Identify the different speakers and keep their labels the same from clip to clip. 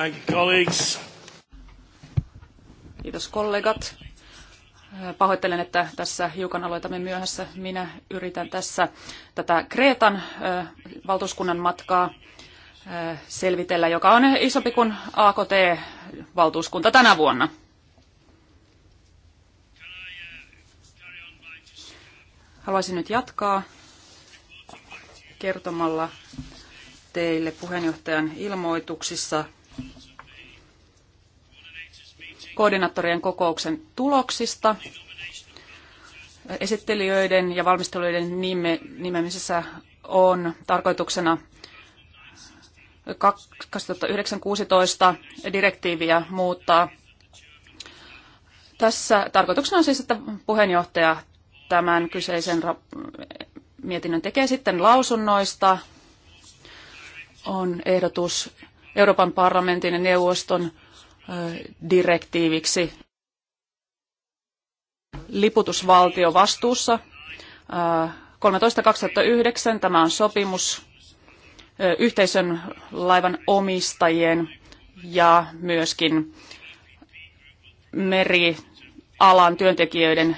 Speaker 1: Thank you, colleagues.
Speaker 2: Kiitos kollegat. Pahoittelen, että tässä hiukan aloitamme myöhässä. Minä yritän tässä tätä Kreetan valtuuskunnan matkaa selvitellä, joka on isompi kuin AKT-valtuuskunta tänä vuonna. Haluaisin nyt jatkaa kertomalla teille puheenjohtajan ilmoituksissa – koordinaattorien kokouksen tuloksista. Esittelijöiden ja valmistelijoiden nime, nimemisessä on tarkoituksena 2009-16 direktiiviä muuttaa. Tässä tarkoituksena on siis, että puheenjohtaja tämän kyseisen mietinnön tekee sitten lausunnoista. On ehdotus Euroopan parlamentin ja neuvoston direktiiviksi liputusvaltio vastuussa. 13.2009 tämä on sopimus yhteisön laivan omistajien ja myöskin merialan työntekijöiden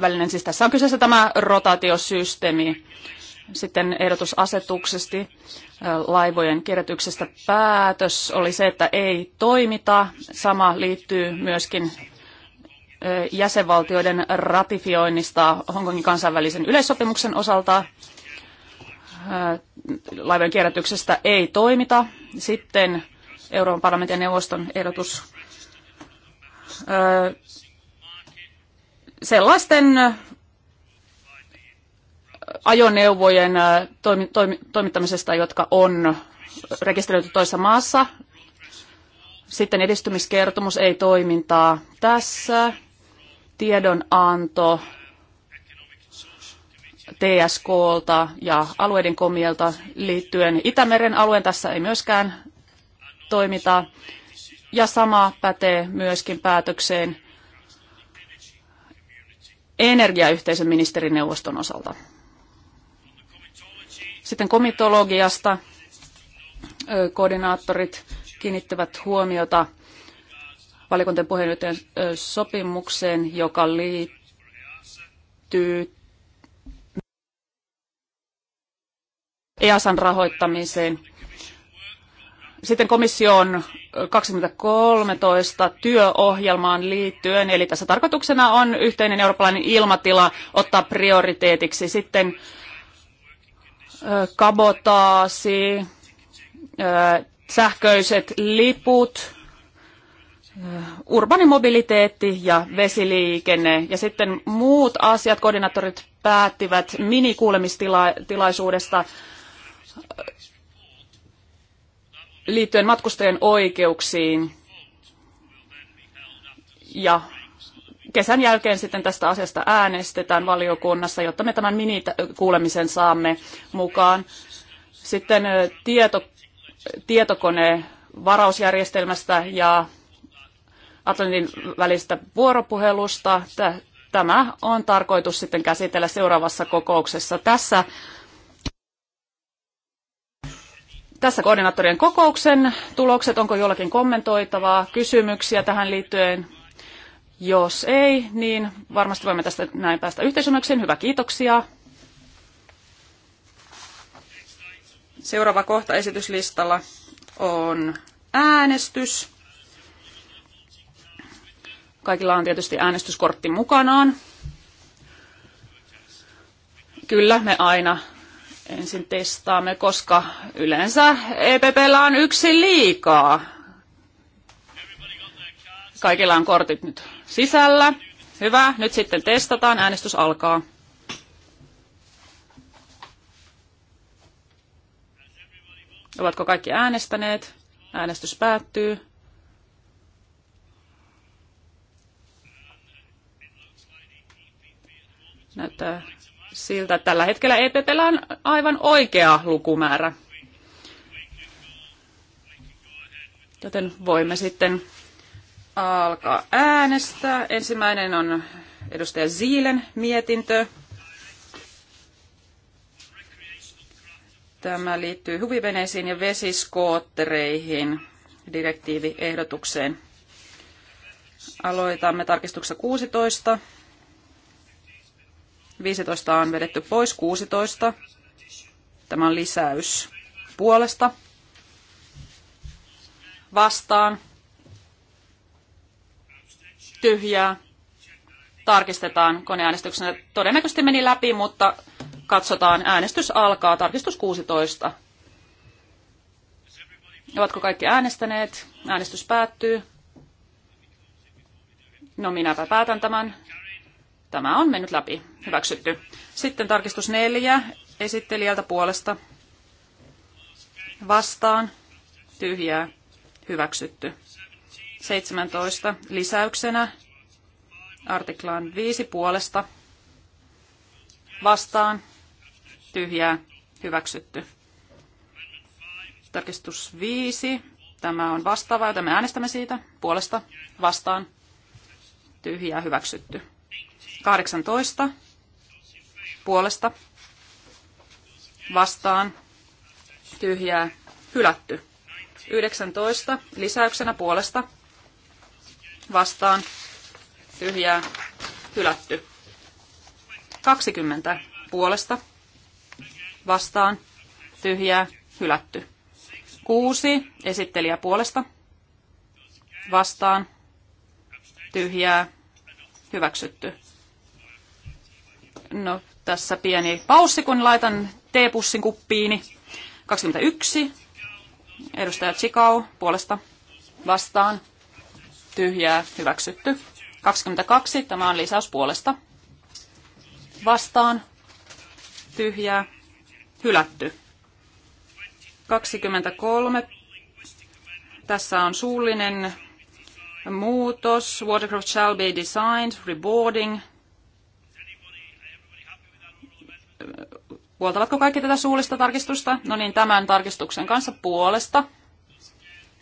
Speaker 2: välinen. Siis tässä on kyseessä tämä rotaatiosysteemi. Sitten ehdotus asetuksesti laivojen kierrätyksestä päätös oli se, että ei toimita. Sama liittyy myöskin jäsenvaltioiden ratifioinnista Hongkongin kansainvälisen yleissopimuksen osalta. Laivojen kierrätyksestä ei toimita. Sitten Euroopan parlamentin ja neuvoston ehdotus sellaisten ajoneuvojen toimittamisesta, jotka on rekisteröity toisessa maassa. Sitten edistymiskertomus, ei toimintaa tässä. Tiedonanto TSKlta ja alueiden komielta liittyen Itämeren alueen tässä ei myöskään toimita. Ja sama pätee myöskin päätökseen energiayhteisön ministerineuvoston osalta. Sitten komitologiasta koordinaattorit kiinnittävät huomiota valiokuntien puheenjohtajan sopimukseen, joka liittyy EASan rahoittamiseen. Sitten komission 2013 työohjelmaan liittyen, eli tässä tarkoituksena on yhteinen eurooppalainen ilmatila ottaa prioriteetiksi. Sitten kabotaasi, sähköiset liput, urbani ja vesiliikenne. Ja sitten muut asiat koordinaattorit päättivät minikuulemistilaisuudesta liittyen matkustajien oikeuksiin. Ja kesän jälkeen sitten tästä asiasta äänestetään valiokunnassa, jotta me tämän minikuulemisen saamme mukaan. Sitten tieto, tietokone varausjärjestelmästä ja Atlantin välistä vuoropuhelusta. Tämä on tarkoitus sitten käsitellä seuraavassa kokouksessa. Tässä, tässä koordinaattorien kokouksen tulokset, onko jollakin kommentoitavaa, kysymyksiä tähän liittyen? Jos ei, niin varmasti voimme tästä näin päästä yhteisymmärrykseen. Hyvä, kiitoksia. Seuraava kohta esityslistalla on äänestys. Kaikilla on tietysti äänestyskortti mukanaan. Kyllä, me aina ensin testaamme, koska yleensä EPPllä on yksi liikaa. Kaikilla on kortit nyt sisällä. Hyvä, nyt sitten testataan. Äänestys alkaa. Ovatko kaikki äänestäneet? Äänestys päättyy. Näyttää siltä, että tällä hetkellä EPPllä on aivan oikea lukumäärä. Joten voimme sitten alkaa äänestää. Ensimmäinen on edustaja Ziilen mietintö. Tämä liittyy huviveneisiin ja vesiskoottereihin direktiiviehdotukseen. Aloitamme tarkistuksessa 16. 15 on vedetty pois, 16. Tämä on lisäys puolesta. Vastaan tyhjää. Tarkistetaan koneäänestyksenä. Todennäköisesti meni läpi, mutta katsotaan. Äänestys alkaa. Tarkistus 16. Ovatko kaikki äänestäneet? Äänestys päättyy. No minäpä päätän tämän. Tämä on mennyt läpi. Hyväksytty. Sitten tarkistus neljä. Esittelijältä puolesta. Vastaan. Tyhjää. Hyväksytty. 17 lisäyksenä artiklaan 5 puolesta vastaan tyhjää hyväksytty. Tarkistus 5. Tämä on vastaava, joten me äänestämme siitä puolesta vastaan tyhjää hyväksytty. 18 puolesta vastaan tyhjää hylätty. 19 lisäyksenä puolesta vastaan tyhjää hylätty. 20 puolesta vastaan tyhjää hylätty. 6 esittelijä puolesta vastaan tyhjää hyväksytty. No, tässä pieni paussi, kun laitan teepussin kuppiini. 21. Edustaja Chikau puolesta vastaan tyhjää, hyväksytty. 22, tämä on lisäys puolesta. Vastaan, tyhjää, hylätty. 23, tässä on suullinen muutos, watercraft shall be designed, reboarding. Puoltavatko kaikki tätä suullista tarkistusta? No niin, tämän tarkistuksen kanssa puolesta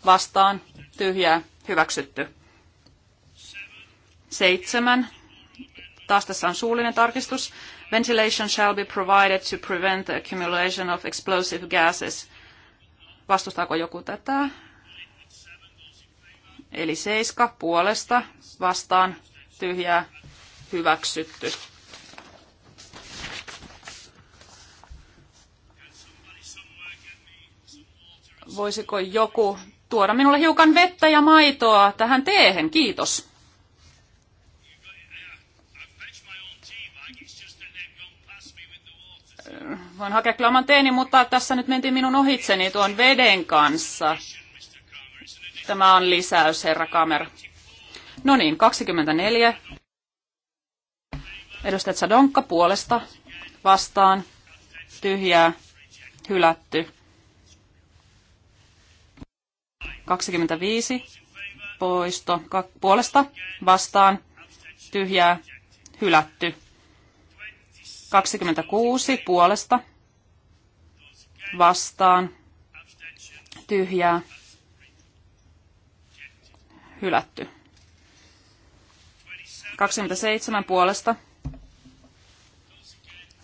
Speaker 2: vastaan tyhjää hyväksytty. Seitsemän. Taas tässä on suullinen tarkistus. Ventilation shall be provided to prevent the accumulation of explosive gases. Vastustaako joku tätä? Eli seiska puolesta vastaan tyhjää hyväksytty. Voisiko joku tuoda minulle hiukan vettä ja maitoa tähän teehen? Kiitos. voin hakea kyllä oman mutta tässä nyt mentiin minun ohitseni tuon veden kanssa. Tämä on lisäys, herra kamera. No niin, 24. Edustajat Sadonkka puolesta vastaan. Tyhjää. Hylätty. 25. Poisto. Puolesta vastaan. Tyhjää. Hylätty. 26 puolesta vastaan tyhjää hylätty. 27 puolesta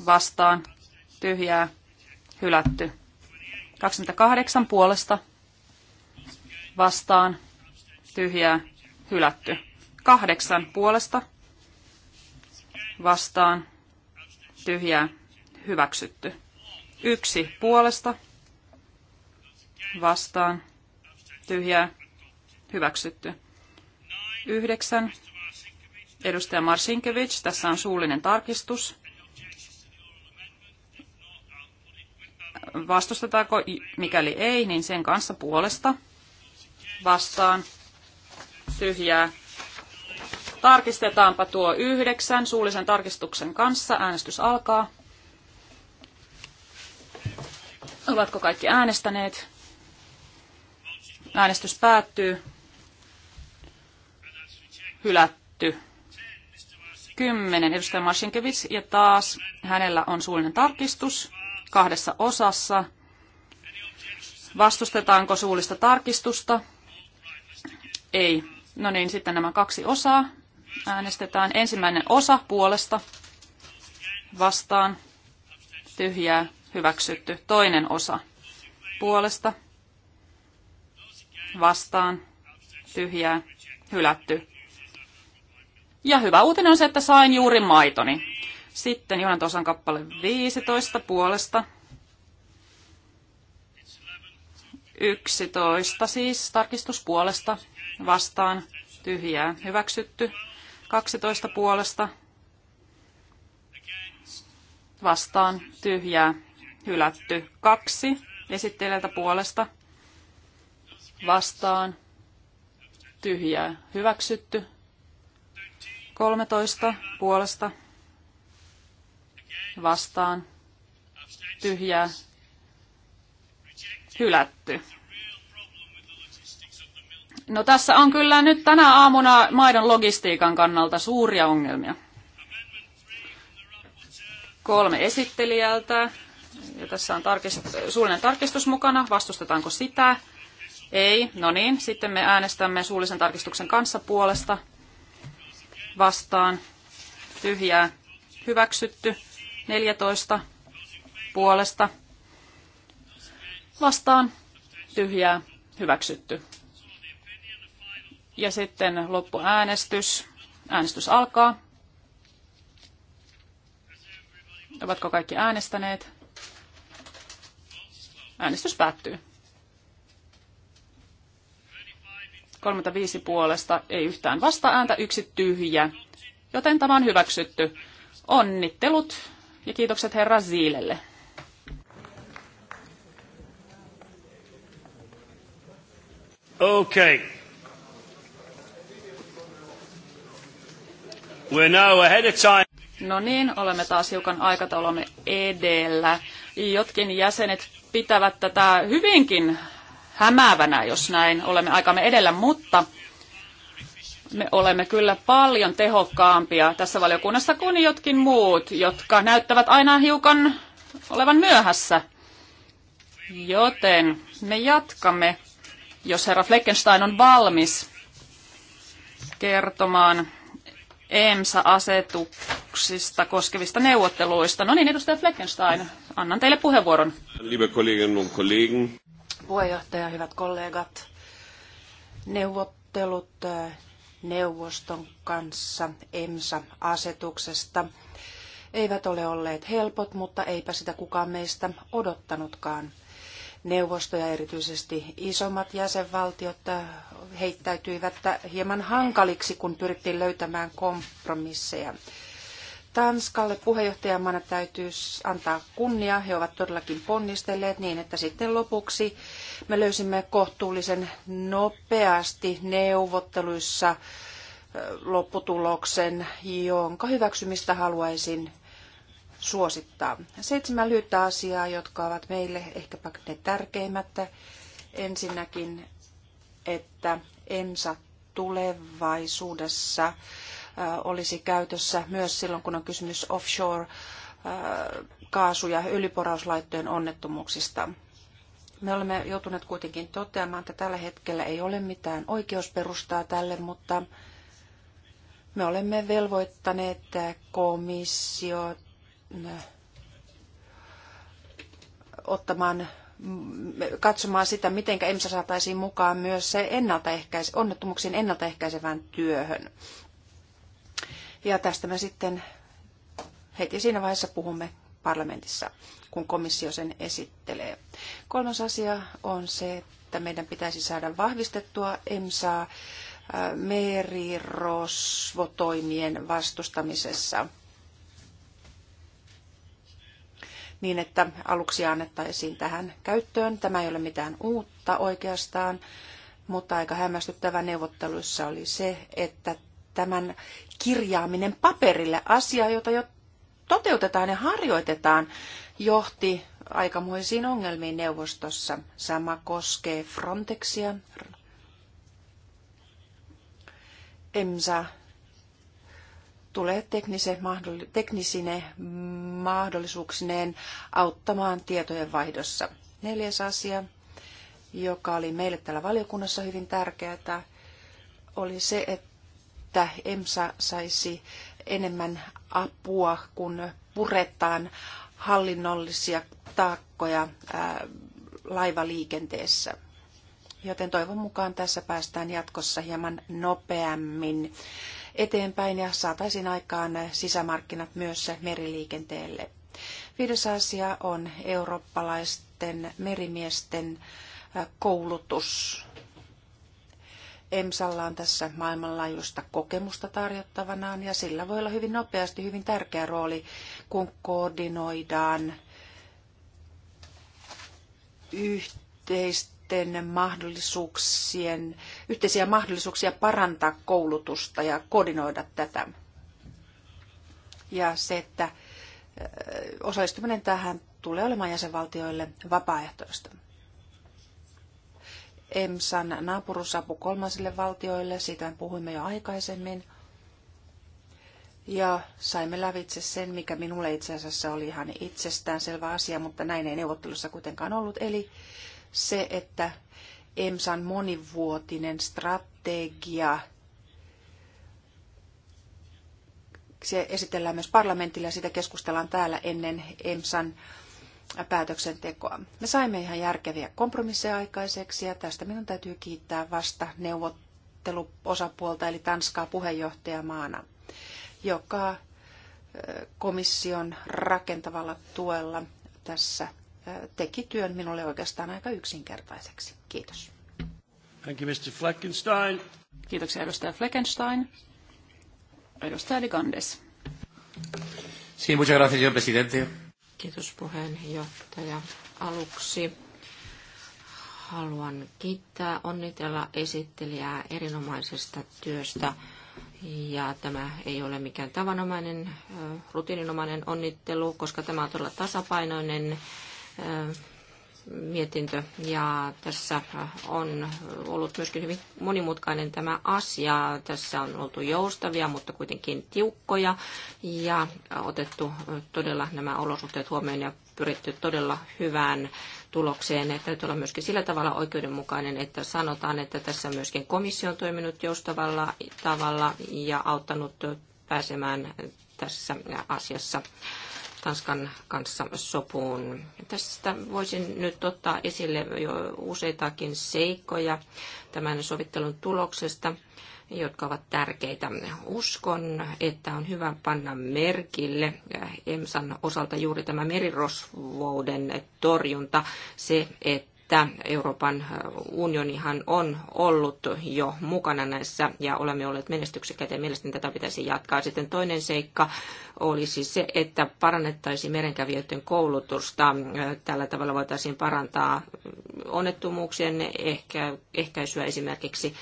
Speaker 2: vastaan tyhjää hylätty. 28 puolesta vastaan tyhjää hylätty. 8 puolesta vastaan tyhjää hyväksytty. Yksi puolesta vastaan tyhjää hyväksytty. Yhdeksän. Edustaja Marsinkevich, tässä on suullinen tarkistus. Vastustetaanko, mikäli ei, niin sen kanssa puolesta vastaan tyhjää Tarkistetaanpa tuo yhdeksän suullisen tarkistuksen kanssa. Äänestys alkaa. Ovatko kaikki äänestäneet? Äänestys päättyy. Hylätty. Kymmenen Edustaja Marsinkevits ja taas hänellä on suullinen tarkistus kahdessa osassa. Vastustetaanko suullista tarkistusta? Ei. No niin, sitten nämä kaksi osaa. Äänestetään ensimmäinen osa puolesta vastaan tyhjää hyväksytty. Toinen osa puolesta vastaan tyhjää hylätty. Ja hyvä uutinen on se, että sain juuri maitoni. Sitten Jonan Tosan kappale 15 puolesta. 11 siis tarkistuspuolesta vastaan tyhjää hyväksytty. 12 puolesta vastaan tyhjää hylätty. Kaksi esittelijältä puolesta vastaan tyhjää hyväksytty. 13 puolesta vastaan tyhjää hylätty. No tässä on kyllä nyt tänä aamuna maidon logistiikan kannalta suuria ongelmia. Kolme esittelijältä. Ja tässä on tarkist- suullinen tarkistus mukana. Vastustetaanko sitä? Ei. No niin, sitten me äänestämme suullisen tarkistuksen kanssa puolesta. Vastaan. Tyhjää. Hyväksytty. 14 puolesta. Vastaan. Tyhjää. Hyväksytty. Ja sitten loppuäänestys. Äänestys alkaa. Ovatko kaikki äänestäneet? Äänestys päättyy. 35 puolesta, ei yhtään vasta-ääntä, yksi tyhjä. Joten tämä on hyväksytty. Onnittelut ja kiitokset herra Ziilelle. Okay.
Speaker 1: ahead of time.
Speaker 2: No niin, olemme taas hiukan aikataulomme edellä. Jotkin jäsenet pitävät tätä hyvinkin hämäävänä, jos näin olemme aikamme edellä, mutta me olemme kyllä paljon tehokkaampia tässä valiokunnassa kuin jotkin muut, jotka näyttävät aina hiukan olevan myöhässä. Joten me jatkamme, jos herra Fleckenstein on valmis kertomaan EMSA-asetuksista koskevista neuvotteluista. No niin, edustaja Fleckenstein, annan teille puheenvuoron. Liebe Kolleginnen und Kollegen.
Speaker 3: Puheenjohtaja, hyvät kollegat. Neuvottelut äh, neuvoston kanssa EMSA-asetuksesta eivät ole olleet helpot, mutta eipä sitä kukaan meistä odottanutkaan neuvosto ja erityisesti isommat jäsenvaltiot äh, heittäytyivät hieman hankaliksi, kun pyrittiin löytämään kompromisseja. Tanskalle puheenjohtajamaana täytyy antaa kunnia. He ovat todellakin ponnistelleet niin, että sitten lopuksi me löysimme kohtuullisen nopeasti neuvotteluissa äh, lopputuloksen, jonka hyväksymistä haluaisin suosittaa. Seitsemän lyhyttä asiaa, jotka ovat meille ehkäpä ne tärkeimmät. Ensinnäkin, että EMSA tulevaisuudessa äh, olisi käytössä myös silloin, kun on kysymys offshore äh, kaasu- ja öljyporauslaittojen onnettomuuksista. Me olemme joutuneet kuitenkin toteamaan, että tällä hetkellä ei ole mitään oikeusperustaa tälle, mutta me olemme velvoittaneet komissiota Mm, ottamaan mm, katsomaan sitä, miten EMSA saataisiin mukaan myös se ennaltaehkäise- onnettomuuksien ennaltaehkäisevään työhön. Ja tästä me sitten heti siinä vaiheessa puhumme parlamentissa, kun komissio sen esittelee. Kolmas asia on se, että meidän pitäisi saada vahvistettua EMSAa äh, merirosvotoimien vastustamisessa – niin, että aluksia annettaisiin tähän käyttöön. Tämä ei ole mitään uutta oikeastaan, mutta aika hämmästyttävä neuvotteluissa oli se, että tämän kirjaaminen paperille, asia, jota jo toteutetaan ja harjoitetaan, johti aikamoisiin ongelmiin neuvostossa. Sama koskee Frontexia, EMSA tulee teknisine mahdollisuuksineen auttamaan tietojen vaihdossa. Neljäs asia, joka oli meille täällä valiokunnassa hyvin tärkeää, oli se, että EMSA saisi enemmän apua, kun puretaan hallinnollisia taakkoja laivaliikenteessä. Joten toivon mukaan tässä päästään jatkossa hieman nopeammin eteenpäin ja saataisiin aikaan sisämarkkinat myös meriliikenteelle. Viides asia on eurooppalaisten merimiesten koulutus. EMSalla on tässä maailmanlaajuista kokemusta tarjottavanaan ja sillä voi olla hyvin nopeasti hyvin tärkeä rooli, kun koordinoidaan yhteistyötä mahdollisuuksien, yhteisiä mahdollisuuksia parantaa koulutusta ja koordinoida tätä. Ja se, että osallistuminen tähän tulee olemaan jäsenvaltioille vapaaehtoista. EMSAn naapurusapu kolmansille valtioille, siitä puhuimme jo aikaisemmin. Ja saimme lävitse sen, mikä minulle itse asiassa oli ihan itsestään selvä asia, mutta näin ei neuvottelussa kuitenkaan ollut. Eli se, että EMSAn monivuotinen strategia se esitellään myös parlamentille ja sitä keskustellaan täällä ennen EMSAn päätöksentekoa. Me saimme ihan järkeviä kompromisseja aikaiseksi ja tästä minun täytyy kiittää vasta neuvotteluosapuolta eli Tanskaa puheenjohtajamaana, joka komission rakentavalla tuella tässä teki työn minulle oikeastaan aika yksinkertaiseksi. Kiitos. Thank you, Mr. Fleckenstein. Kiitoksia edustaja Fleckenstein.
Speaker 2: Edustaja Ligandes.
Speaker 3: Sí, muchas gracias, señor presidente.
Speaker 1: Kiitos puheenjohtaja. Aluksi haluan kiittää, onnitella esittelijää erinomaisesta työstä. Ja tämä ei ole mikään tavanomainen, rutiininomainen onnittelu, koska tämä on todella tasapainoinen mietintö ja tässä on ollut myöskin hyvin monimutkainen tämä asia. Tässä on oltu joustavia, mutta kuitenkin tiukkoja ja otettu todella nämä olosuhteet huomioon ja pyritty todella hyvään tulokseen. Että täytyy olla myöskin sillä tavalla oikeudenmukainen, että sanotaan, että tässä myöskin komissio on toiminut joustavalla tavalla ja auttanut pääsemään tässä asiassa Tanskan kanssa sopuun. Tästä voisin nyt ottaa esille jo useitakin seikkoja tämän sovittelun tuloksesta jotka ovat tärkeitä. Uskon, että on hyvä panna merkille EMSAn osalta juuri tämä merirosvouden torjunta, se, että että Euroopan unionihan on ollut jo mukana näissä ja olemme olleet menestyksekkäitä ja mielestäni tätä pitäisi jatkaa. Sitten toinen seikka olisi se, että parannettaisiin merenkävijöiden koulutusta. Tällä tavalla voitaisiin parantaa onnettomuuksien ehkä, ehkäisyä esimerkiksi.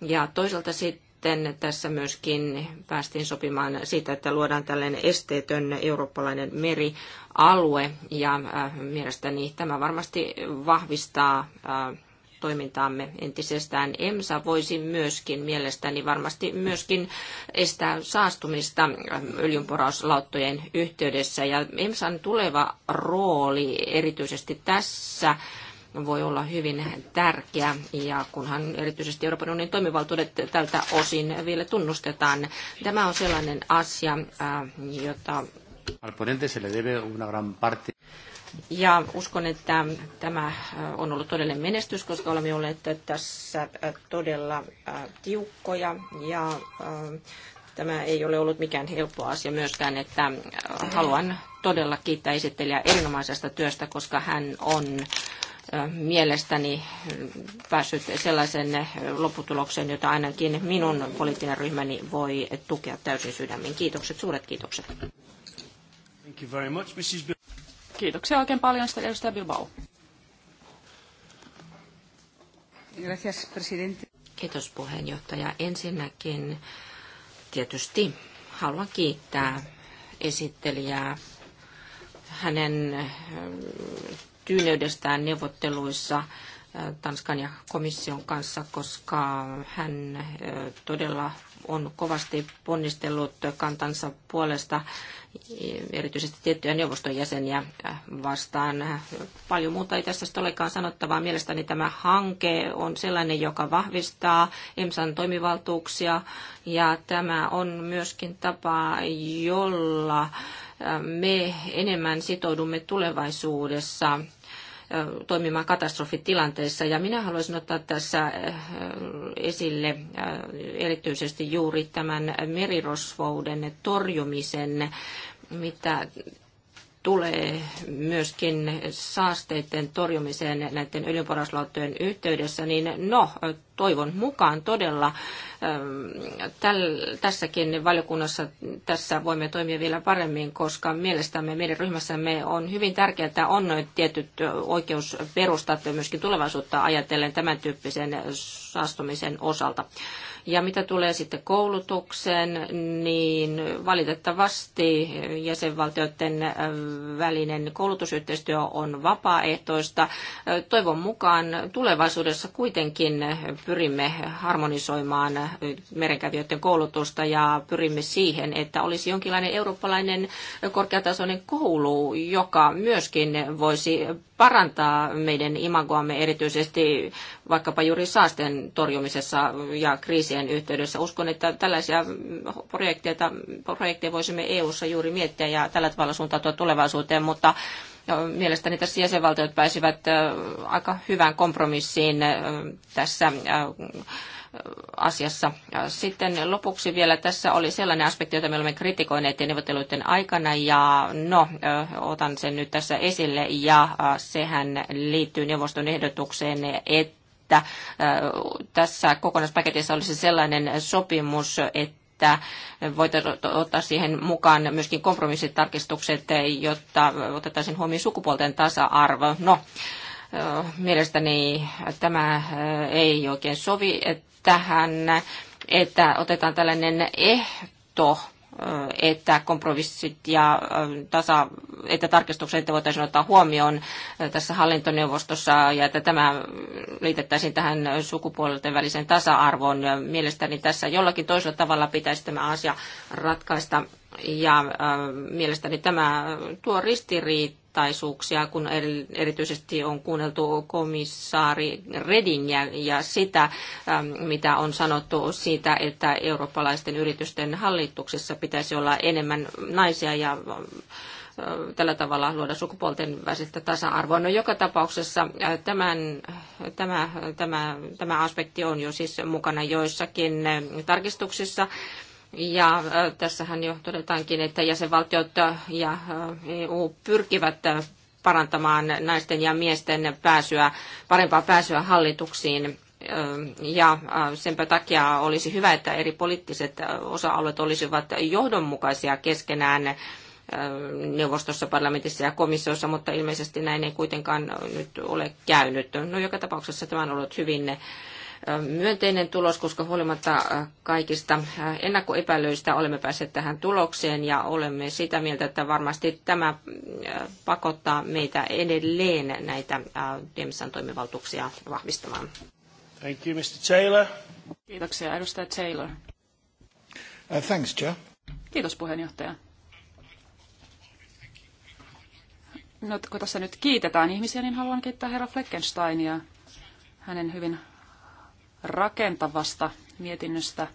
Speaker 1: Ja toisaalta sitten sitten tässä myöskin päästiin sopimaan siitä, että luodaan tällainen esteetön eurooppalainen merialue ja äh, mielestäni tämä varmasti vahvistaa äh, toimintaamme entisestään. EMSA voisi myöskin mielestäni varmasti myöskin estää saastumista äh, öljynporauslauttojen yhteydessä. Ja EMSAn tuleva rooli erityisesti tässä voi olla hyvin tärkeä, ja kunhan erityisesti Euroopan unionin toimivaltuudet tältä osin vielä tunnustetaan. Tämä on sellainen asia, äh, jota... Ja uskon, että tämä äh, on ollut todellinen menestys, koska olemme olleet tässä äh, todella tiukkoja ja tämä ei ole ollut mikään helppo asia myöskään, että haluan todella kiittää esittelijää erinomaisesta työstä, koska hän on mielestäni päässyt sellaisen lopputulokseen, jota ainakin minun poliittinen ryhmäni voi tukea täysin sydämin. Kiitokset, suuret kiitokset. Thank you very much, Mrs. Bil- Kiitoksia oikein paljon, sitten edustaja Bilbao. Gracias, presidente. Kiitos puheenjohtaja. Ensinnäkin tietysti haluan kiittää esittelijää hänen tyyneydestään neuvotteluissa äh, Tanskan ja komission kanssa, koska hän äh, todella on kovasti ponnistellut kantansa puolesta e, erityisesti tiettyjä neuvoston jäseniä äh, vastaan. Paljon muuta ei tässä olekaan sanottavaa. Mielestäni tämä hanke on sellainen, joka vahvistaa EMSAn toimivaltuuksia ja tämä on myöskin tapa, jolla me enemmän sitoudumme tulevaisuudessa toimimaan katastrofitilanteessa. Ja minä haluaisin ottaa tässä esille erityisesti juuri tämän merirosvouden torjumisen, mitä tulee myöskin saasteiden torjumiseen näiden öljynporauslauttojen yhteydessä, niin no, toivon mukaan todella ähm, täl, tässäkin valiokunnassa tässä voimme toimia vielä paremmin, koska mielestämme meidän ryhmässämme on hyvin tärkeää, että on tietyt oikeusperustat myöskin tulevaisuutta ajatellen tämän tyyppisen saastumisen osalta. Ja mitä tulee sitten koulutukseen, niin valitettavasti jäsenvaltioiden äh, välinen koulutusyhteistyö on vapaaehtoista. Äh, toivon mukaan tulevaisuudessa kuitenkin pyrimme harmonisoimaan äh, merenkävijöiden koulutusta ja pyrimme siihen, että olisi jonkinlainen eurooppalainen korkeatasoinen koulu, joka myöskin voisi parantaa meidän imagoamme erityisesti vaikkapa juuri saasten torjumisessa ja kriisi asian yhteydessä. Uskon, että tällaisia projekteja, projekteja voisimme EU-ssa juuri miettiä ja tällä tavalla suuntautua tulevaisuuteen, mutta mielestäni tässä jäsenvaltiot pääsivät aika hyvään kompromissiin tässä asiassa. Sitten lopuksi vielä tässä oli sellainen aspekti, jota me olemme kritikoineet neuvotteluiden aikana ja no, otan sen nyt tässä esille ja sehän liittyy neuvoston ehdotukseen, että että tässä kokonaispaketissa olisi sellainen sopimus, että että voitaisiin ottaa siihen mukaan myöskin kompromissitarkistukset, jotta otettaisiin huomioon sukupuolten tasa-arvo. No, mielestäni tämä ei oikein sovi tähän, että otetaan tällainen ehto että kompromissit ja tasa, että tarkistukset voitaisiin ottaa huomioon tässä hallintoneuvostossa ja että tämä liitettäisiin tähän sukupuolten väliseen tasa-arvoon. Mielestäni tässä jollakin toisella tavalla pitäisi tämä asia ratkaista ja äh, mielestäni tämä tuo ristiriitaisuuksia, kun erityisesti on kuunneltu komissaari Redinjä ja sitä, ähm, mitä on sanottu siitä, että eurooppalaisten yritysten hallituksessa pitäisi olla enemmän naisia ja äh, tällä tavalla luoda sukupuolten välistä tasa-arvoa. No joka tapauksessa äh, tämän, tämä, tämä, tämä aspekti on jo siis mukana joissakin tarkistuksissa ja äh, tässähän jo todetaankin, että jäsenvaltiot ja äh, EU pyrkivät äh, parantamaan naisten ja miesten pääsyä, parempaa pääsyä hallituksiin. Ja sen takia olisi hyvä, että eri poliittiset osa-alueet olisivat johdonmukaisia keskenään neuvostossa, parlamentissa ja komissiossa, mutta ilmeisesti näin ei kuitenkaan nyt ole käynyt. No joka tapauksessa tämä on ollut hyvin myönteinen tulos, koska huolimatta kaikista ennakkoepäilyistä olemme päässeet tähän tulokseen ja olemme sitä mieltä, että varmasti tämä pakottaa meitä edelleen näitä DEMSAn toimivaltuuksia vahvistamaan. Thank you, Mr. Taylor. Kiitoksia, edustaja Taylor.
Speaker 2: Uh, thanks, Chair. Kiitos puheenjohtaja. No, kun tässä nyt kiitetään ihmisiä, niin haluan kiittää herra Fleckensteinia hänen hyvin rakentavasta mietinnöstä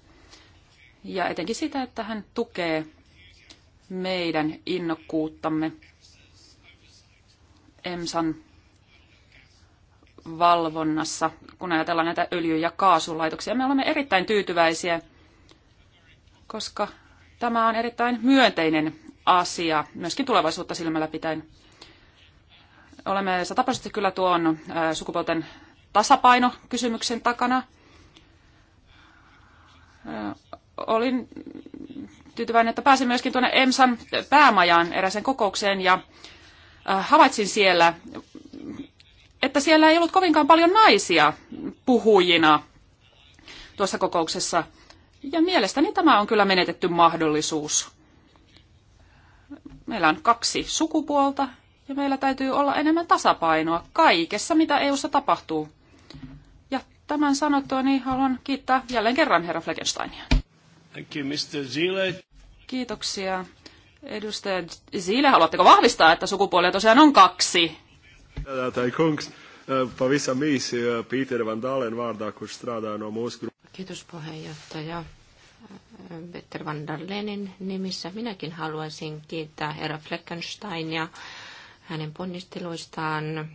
Speaker 2: ja etenkin sitä, että hän tukee meidän innokkuuttamme EMSAn valvonnassa, kun ajatellaan näitä öljy- ja kaasulaitoksia. Me olemme erittäin tyytyväisiä, koska tämä on erittäin myönteinen asia, myöskin tulevaisuutta silmällä pitäen. Olemme sataprosenttisesti kyllä tuon sukupuolten tasapaino kysymyksen takana – olin tyytyväinen, että pääsin myöskin tuonne EMSAn päämajaan eräseen kokoukseen ja havaitsin siellä, että siellä ei ollut kovinkaan paljon naisia puhujina tuossa kokouksessa. Ja mielestäni tämä on kyllä menetetty mahdollisuus. Meillä on kaksi sukupuolta ja meillä täytyy olla enemmän tasapainoa kaikessa, mitä EU:ssa tapahtuu tämän sanottua, niin haluan kiittää jälleen kerran herra Fleckensteinia. Thank you,
Speaker 3: Mr.
Speaker 2: Kiitoksia. Edustaja Zile, haluatteko vahvistaa, että sukupuolia tosiaan on kaksi? Peter Van Dalen
Speaker 1: Kiitos puheenjohtaja. Peter Van Dalenin nimissä minäkin haluaisin kiittää herra Fleckensteinia hänen ponnisteluistaan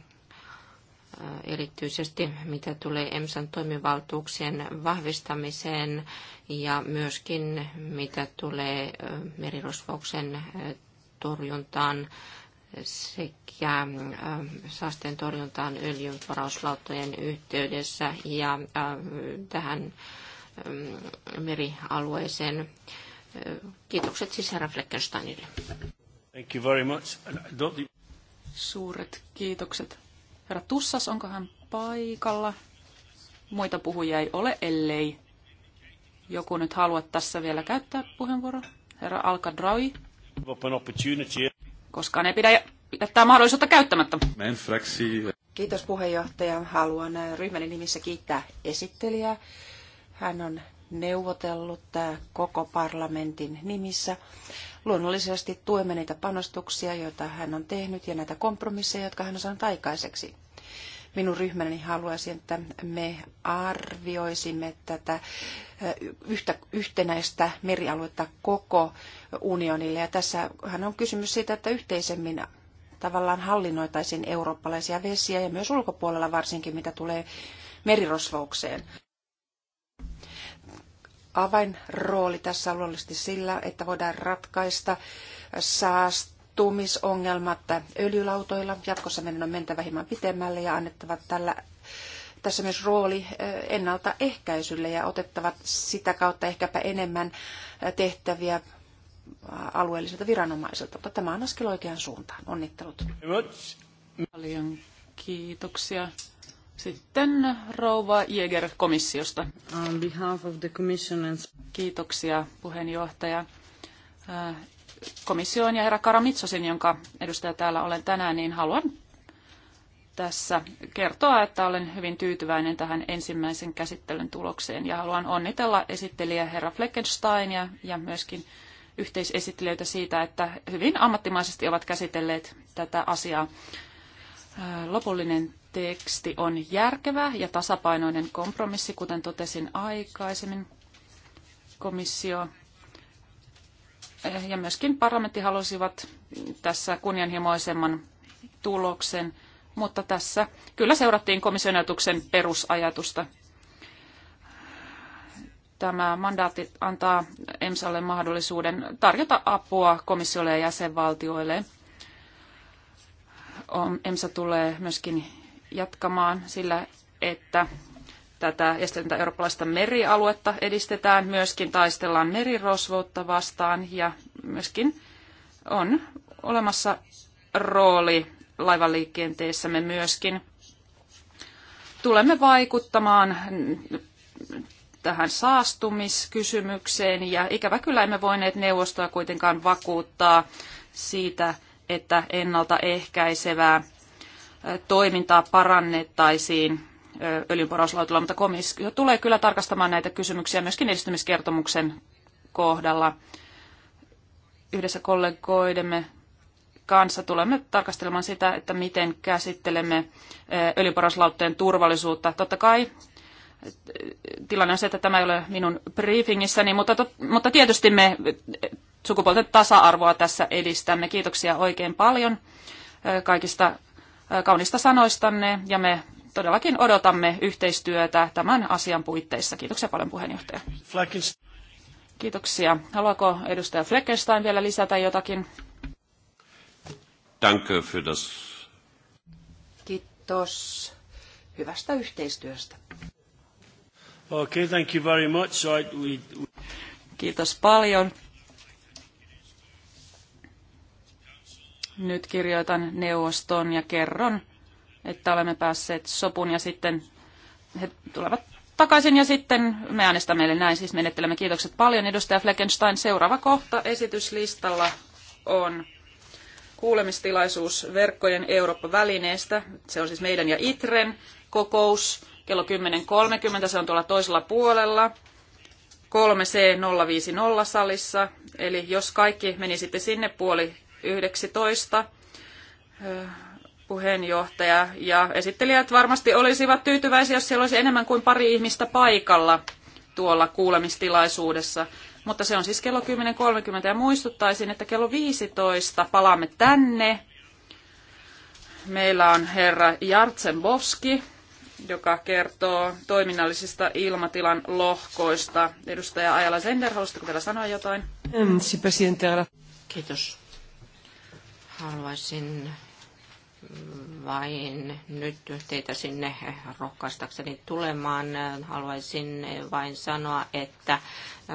Speaker 1: erityisesti mitä tulee EMSAn toimivaltuuksien vahvistamiseen ja myöskin mitä tulee merirosvouksen torjuntaan sekä saasteen torjuntaan öljynvarauslauttojen yhteydessä ja tähän merialueeseen. Kiitokset siis herra Fleckensteinille.
Speaker 3: Thank you very much.
Speaker 2: Suuret kiitokset. Herra Tussas, onko hän paikalla? Muita puhujia ei ole, ellei joku nyt halua tässä vielä
Speaker 3: käyttää puheenvuoro.
Speaker 2: Herra Draui. Koskaan ei pidä
Speaker 3: jättää mahdollisuutta käyttämättä. Kiitos puheenjohtaja. Haluan ryhmän nimissä kiittää esittelijää. Hän on neuvotellut koko parlamentin nimissä. Luonnollisesti tuemme niitä panostuksia, joita hän on tehnyt ja näitä kompromisseja, jotka hän on saanut aikaiseksi. Minun ryhmäni haluaisi, että me arvioisimme tätä yhtä, yhtenäistä merialuetta koko unionille. Ja tässähän on kysymys siitä, että yhteisemmin tavallaan hallinnoitaisiin eurooppalaisia vesiä ja myös ulkopuolella varsinkin, mitä tulee merirosvoukseen avainrooli tässä on luonnollisesti sillä, että voidaan ratkaista saastumisongelmat öljylautoilla. Jatkossa meidän on mentävä hieman pitemmälle ja annettava tällä tässä myös rooli eh, ennaltaehkäisylle ja otettavat sitä kautta ehkäpä enemmän eh, tehtäviä alueellisilta viranomaisilta. Mutta tämä on askel oikeaan suuntaan. Onnittelut. Paljon kiitoksia. Sitten
Speaker 2: rouva Jäger komissiosta. On behalf of the commission and... Kiitoksia puheenjohtaja. Äh, Komissioon ja herra Karamitsosin, jonka edustaja täällä olen tänään, niin haluan tässä kertoa, että olen hyvin tyytyväinen tähän ensimmäisen käsittelyn tulokseen ja haluan onnitella esittelijä herra Fleckensteinia ja myöskin yhteisesittelijöitä siitä, että hyvin ammattimaisesti ovat käsitelleet tätä asiaa. Äh, lopullinen teksti on järkevä ja tasapainoinen kompromissi, kuten totesin aikaisemmin. Komissio eh, ja myöskin parlamentti halusivat tässä kunnianhimoisemman tuloksen, mutta tässä kyllä seurattiin komission ajatuksen perusajatusta. Tämä mandaatti antaa EMSAlle mahdollisuuden tarjota apua komissiolle ja jäsenvaltioille. EMSA tulee myöskin jatkamaan sillä, että tätä estetyntä eurooppalaista merialuetta edistetään, myöskin taistellaan merirosvoutta vastaan ja myöskin on olemassa rooli laivaliikenteessämme myöskin. Tulemme vaikuttamaan tähän saastumiskysymykseen ja ikävä kyllä emme voineet neuvostoa kuitenkaan vakuuttaa siitä, että ennaltaehkäisevää toimintaa parannettaisiin öljynporauslautilla, mutta komissio tulee kyllä tarkastamaan näitä kysymyksiä myöskin edistymiskertomuksen kohdalla. Yhdessä kollegoidemme kanssa tulemme tarkastelemaan sitä, että miten käsittelemme öljynporauslautteen turvallisuutta. Totta kai tilanne on se, että tämä ei ole minun briefingissäni, mutta, tot, mutta tietysti me sukupuolten tasa-arvoa tässä edistämme. Kiitoksia oikein paljon kaikista kaunista sanoistanne ja me todellakin odotamme yhteistyötä tämän asian puitteissa. Kiitoksia paljon puheenjohtaja. Kiitoksia. Haluaako edustaja Fleckenstein vielä lisätä jotakin?
Speaker 3: Danke für das. Kiitos hyvästä yhteistyöstä.
Speaker 1: Okay, thank you very much. I, we... Kiitos
Speaker 2: paljon. Nyt kirjoitan neuvoston ja kerron, että olemme päässeet sopun ja sitten he tulevat takaisin ja sitten me äänestämme meille näin. Siis menettelemme kiitokset paljon. Edustaja Fleckenstein, seuraava kohta esityslistalla on kuulemistilaisuus verkkojen Eurooppa-välineestä. Se on siis meidän ja ITREN kokous kello 10.30. Se on tuolla toisella puolella. 3C050 salissa. Eli jos kaikki menisitte sinne puoli 19 puheenjohtaja ja esittelijät varmasti olisivat tyytyväisiä, jos siellä olisi enemmän kuin pari ihmistä paikalla tuolla kuulemistilaisuudessa. Mutta se on siis kello 10.30 ja muistuttaisin, että kello 15 palaamme tänne. Meillä on herra Jartsenboski, joka kertoo toiminnallisista ilmatilan lohkoista. Edustaja Ajala Senderholst, kun vielä sanoa
Speaker 1: jotain. Kiitos Haluaisin vain nyt teitä sinne rohkaistakseni tulemaan. Haluaisin vain sanoa, että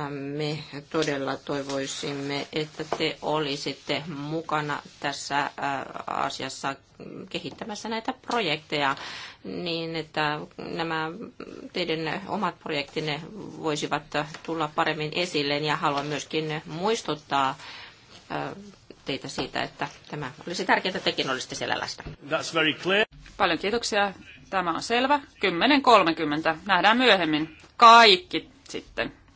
Speaker 1: me todella toivoisimme, että te olisitte mukana tässä asiassa kehittämässä näitä projekteja niin, että nämä teidän omat projektinne voisivat tulla paremmin esille. Ja haluan myöskin muistuttaa teitä siitä, että tämä olisi tärkeää, että tekin olisitte siellä läsnä. That's very clear. Paljon kiitoksia. Tämä on selvä.
Speaker 2: 10.30. Nähdään myöhemmin. Kaikki sitten.